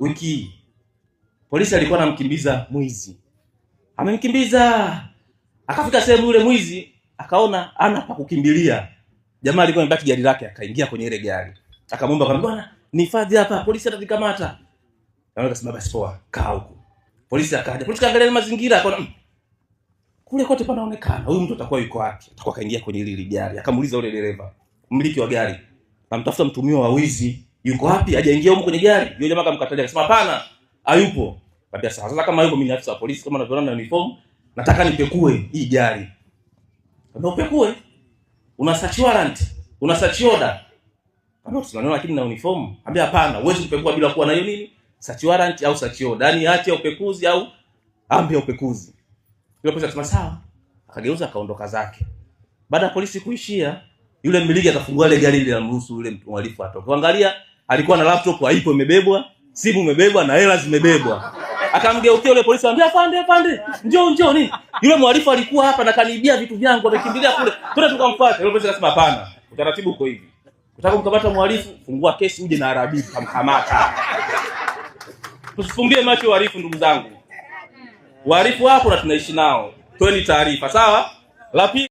wiki hii polisi alikuwa anamkimbiza mwizi, amemkimbiza akafika sehemu, yule mwizi akaona ana pa kukimbilia. Jamaa alikuwa amebaki gari lake, akaingia kwenye ile gari, akamwomba kwamba bwana, nihifadhi hapa, polisi atavikamata. Naona kasema basi poa, kaa huko. Polisi akaja, polisi kaangalia mazingira, akaona mm, kule kote panaonekana huyu mtu atakuwa yuko wapi, atakuwa kaingia kwenye ile gari. Akamuuliza yule dereva, mliki wa gari, namtafuta mtumio wa wizi yuko wapi? Hajaingia huko kwenye gari. Yule jamaa akamkatalia, akasema hapana, hayupo. Baada sasa, sasa kama yuko mimi afisa wa polisi, kama ninavyoona na uniform, nataka nipekue hii gari. Ndio upekue. Una search warrant, una search order. Kama tunaona lakini na uniform, ambia hapana, uwezi kupekua bila kuwa na hiyo nini? Search warrant au search order. yani hati ya upekuzi au ambia upekuzi. Yule polisi akasema sawa. Akageuza akaondoka zake. Baada ya polisi kuishia, yule mmiliki atafungua ile gari ile, amruhusu yule mhalifu atoke. Angalia alikuwa na laptop haipo, imebebwa, simu imebebwa na hela zimebebwa. Akamgeukia yule polisi, anambia afande, afande, njoo njoo. ni. yule mhalifu alikuwa hapa na kanibia vitu vyangu, amekimbilia kule, twende tukamfuate. Yule polisi akasema hapana, utaratibu uko hivi, utaka kumkamata mhalifu, fungua kesi, uje na arabi, kamkamata. Tusifumbie macho wahalifu, ndugu zangu, wahalifu wapo na tunaishi nao. Toeni taarifa, sawa. La pili